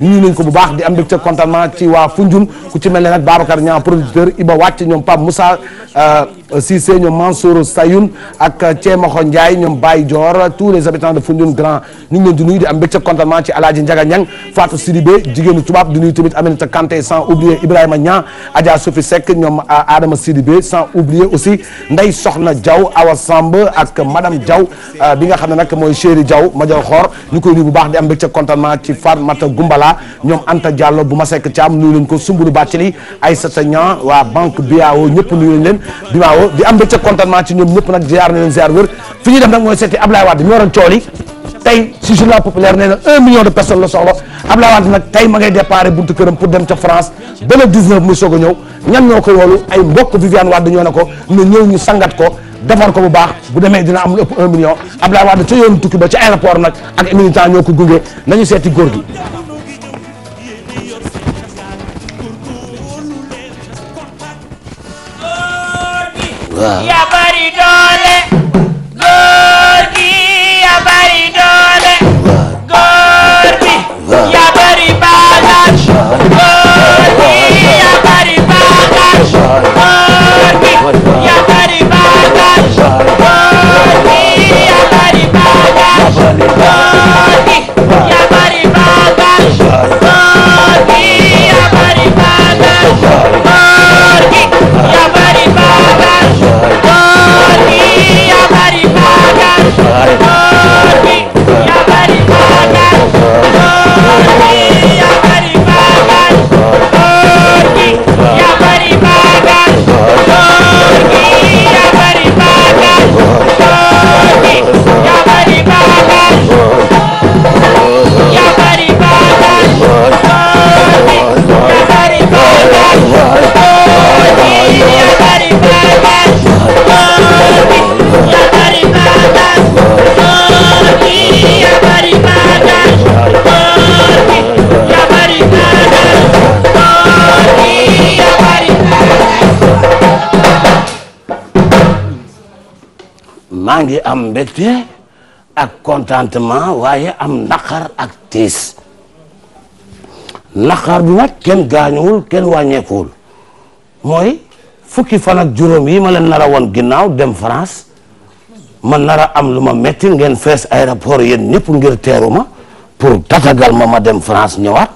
ñu nañ ko bu baax di am mbégte contentement ci waa Foundiougne ku ci mel ne nag Babacar Niang producteur Iba wàcc ñoom Pape Moussa euh, Cissé ñoom Mansour Sayoun ak Thiémakho Ndiaye ñoom Baye Dior tous les habitants de Foundiougne Grand ñu ngi leen di nuyu di am mbégte contentement ci Alaaji Njaga Ñang Fatou Sidibé jigéenu tubaab di nuyu tamit Aminata Kanté sans oublier Ibrahima Niang Adja Sofi Seck ñoom Adama Sidibé sans oublier aussi Ndey Soxna Diaw Awa Samb ak madame Diaw euh, bi nga xam ne nag mooy chéri Diaw Madior Khor ñu koy nuyu bu baax di am mbégte contentement ci Fatmata Gumbala ñoom Anta Diallo bu Masek Thiam nuyu leen ko Sumbulu Bathily Aïssata Niang waa banque BAO ñëpp nuyu leen leen woo di am bëccëg contentement ci ñoom ñëpp nag ziar na leen ziar wër fi ñuy def nag mooy seeti Ablaye Wade mi waroon cool yi tey si journal populaire nee na un million de personnes la soxla Ablaye Wade nag tey ma déparé buntu këram pour dem ca France ba le 19 muy soog a ñëw ñan ñoo ko woolu ay mbokk Viviane Wade ñoo ne ko ne ñëw ñu sangat ko defar ko bu baax bu demee dina am lu ëpp un million Ablaye Wade ca yoonu tukki ba ca aéroport nag 呀！爸。maa ngi am mbégte ak contentement waaye am naqar ak tiis naqar bi nag kenn gaañuwul kenn wàññeekuwul mooy fukki fan ak juróom yi ma leen nar a woon ginnaaw dem France ma nar am lu ma metti ngeen fees aéroport yéen ñëpp ngir teeru ma pour tatagal ma ma dem France ñëwaat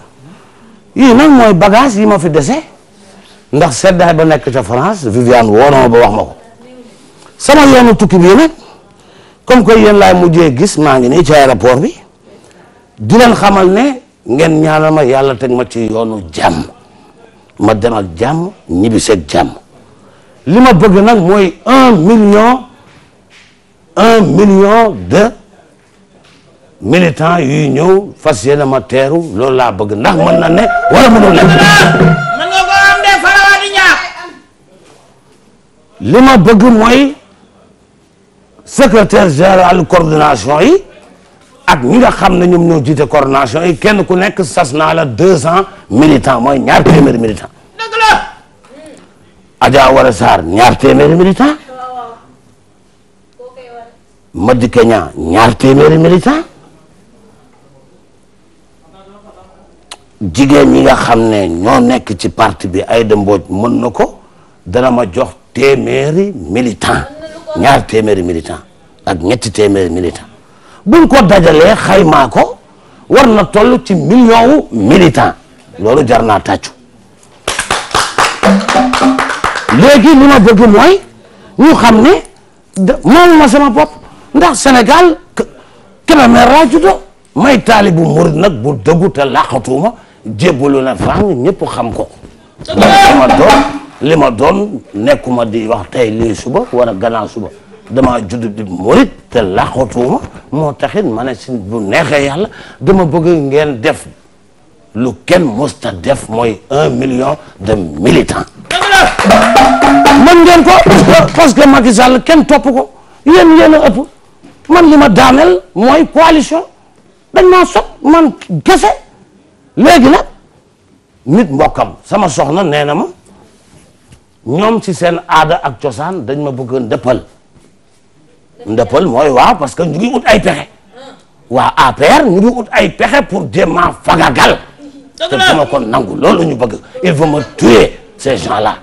yii nag mooy bagage yi ma fi dese ndax seddaay ba nekk ca France Viviane woonoo ba wax ma ko sama yoonu tukki bii nag comme que yéen laay mujjee gis maa ngi nii ci aéroport bi di leen xamal ne ngeen ñaanal yàlla teg ma ci yoonu jàmm ma dem demal jàmm ñibbiseeg jàmm li ma bëgg nag mooy un million un million de militants yuy ñëw fas yéene ma teeru loolu laa bëgg ndax mën na ne wala mënul ne. mën nga ko am de farawaati ñaar. li ma bëgg mooy. secrétaire général coordination yi ak ñi nga xam ne ñoom ñoo jiite coordination yi kenn ku nekk sas naa la deux cent mooy ñaar téeméeri militants. dëgg la. Adja Wara Sarr ñaar téeméeri militants. Madické Niang ñaar téeméeri militants. jigéen ñi nga xam ne ñoo nekk ci parti bi Aïda Mbodj mën na ko dana ma jox téeméeri militant ñaar téeméeri militant ak ñetti téeméeri militant buñ ko dajalee xaymaa ko war na toll ci million militant loolu jar naa tàccu léegi li ma bëgg mooy ñu xam ne moom ma sama bopp ndax Sénégal Kébémer laa juddoo may taalibu murid nag bu dëggu te laqatuuma jébbalu na fang ñëpp xam ko sama doom li ma doon nekkuma di wax tey lii suba wala gannaaw suba dama judd di murit te laqatuuma moo taxit ma ne si bu neexee yàlla dama bëgg ngeen def lu kenn musta def mooy un million de militants mën ngeen ko parce que Macky Sall kenn topp ko yéen yéen a ëpp man li ma daaneel mooy coalition dañ maa sot man gese léegi nag nit mbokkam sama soxna nee na ma ñom ci sen aada ak ciosan dañ ma bëgg ndëppal ndëppal moy wa parce que ñu ngi ut ay pexe waa APR ñu ngi ut ay pexé pour dema fagagal te bu ma ko nangul loolu ñu bëgg il veut me tuer ces gens là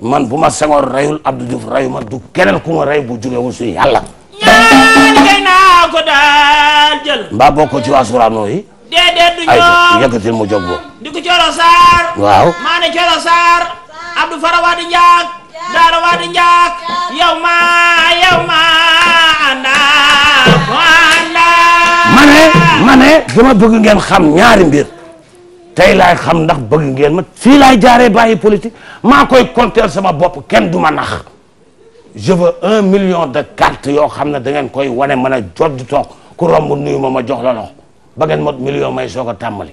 man buma ma rayul Abdou Diouf rayuma du keneen ku ma rey bu jugewul wu yàlla yalla naa ko bokko ci wasura no yi déedéet du ñoo ay yëkkatil mu jóg boo di ko Coro waaw mané ne Coro Sarr abdou farawaadi njaag daara waadi njaag yow ma yow ma anda ma ne ngeen xam ñaari mbir tey laay xam ndax bëgg ngeen ma fii laay jaare bàyyi politique maa koy compter sama bopp kenn du ma nax je veux un xam ne da ngeen koy wane mën a jot toog ku romb nuyu ma ma jox la loxo ba ngeen mot million may soog a tàmbali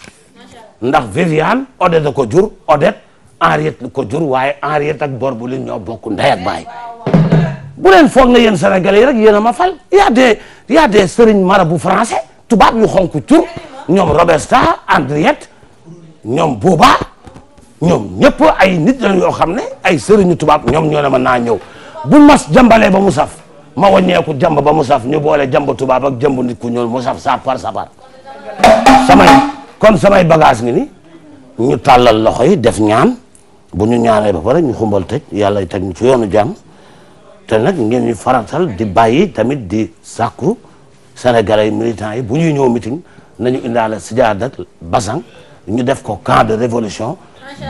ndax Viviane Odette ko jur Odette Henriette ko jur waaye Henriette ak Bordeaux ñoo bokk ndey ak baay bu leen foog na yéen Sénégalais yi rek a ma fal y a des y a tubaab yu xonk tur ñoom Roberta Henriette ñoom Booba ñoom ñëpp ay nit na yoo xam ne ay sëriñu tubaab ñoom ñoo ne ma naa ñëw bu mas jàmbalee ba mu saf ma wàññeeku jamba ba mu saf ñu boole jàmb tubaab ak jàmb nit ku ñuul mu saf sapar sapar kon samay bagage ngi ni ñu tàllal loxo yi def ñaan bu ñu ñaanee ba pare ñu xumbal tëj yàlla teg ñu ci yoonu jàmm te nag ngeen ñu faratal di bàyyi tamit di sàkku sénégalais yi militants yi bu ñuy ñëw meeting nañu indaale sijaada ak basang ñu def ko camp de révolution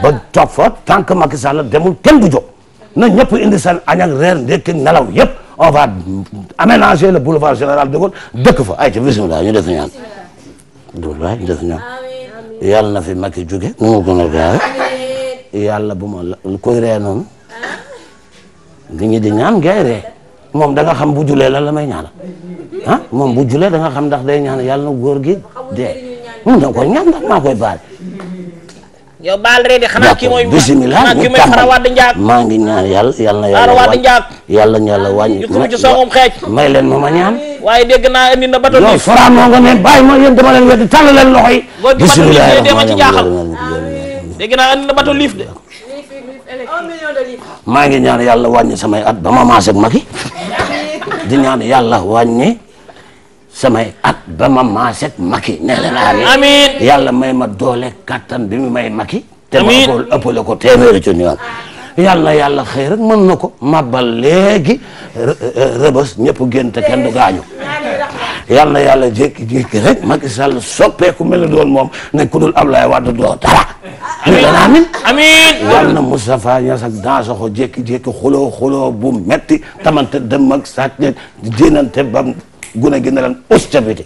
ba toog fa tant que Macky Sall demul kenn du jóg na ñëpp indi seen añ ak reer ndekki nelaw yëpp on va aménager le boulevard général de Gaulle dëkk fa ay ca bismillah ñu def ñaan bismillah ñu def ñaan ah, yàlla na fi mag Macky jóge nu mu gën a gaaw yàlla bu ma la koy ree noonu ah. nit ñi di ñaan ngay ree moom da nga xam bu julee lan la may ñaanal ah moom bu julee da nga xam ndax day ñaan yàlla na góor gi dee mun da nga ñaan ndax maa koy baare yow baal ree de xanaa kii mooy bisimilah ñu tàmbal maa ngi ñaan yàlla yàlla na yàlla wadd njaag yàlla na yàlla wàññi ko ci songum xeej may leen ma ma ñaan waaye dégg naa indi na bato bi yow Fra moo nga ne leen wedd tàll leen loxo ma ci jaaxal dégg naa na bato liif de ngi ñaan yàlla wàññi samay at ba ma maase ak magi di ñaan yàlla samay at ba ma maaseeg Macky. amiin yàlla may ma doole kattan bi mu may Macky. amiin te ma ko ëppale ko téeméeri junni yoon. yàlla yàlla xëy rek mën na ko mabal léegi rëbës ñëpp génn te kenn du gaañu. yàlla yàlla jékki-jékki rek Macky Sall soppeeku mel ni doon moom ne ku dul Ablaye Wade doo dara. amiin amiin yàlla na Moustapha Niass ak Dansokho jékki-jékki xuloo xuloo bu metti tamante dem ak sàcc dinante bam gune gi ne us ca biti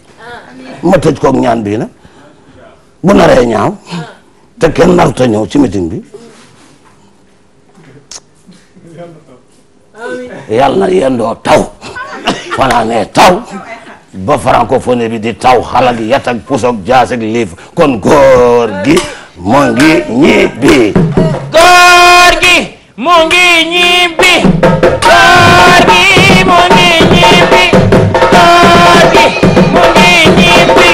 ma tëj koog ñaan bii na bu naree ñaaw te kenn narta ñëw ci meeting bi yàlla na yendoo taw fanaanee taw ba francophonie bi di taw xalak yat ak pusog liif kon góor gi mu ngi ñibbi gi mu ngi ñibbi gi ñibbi Muni ni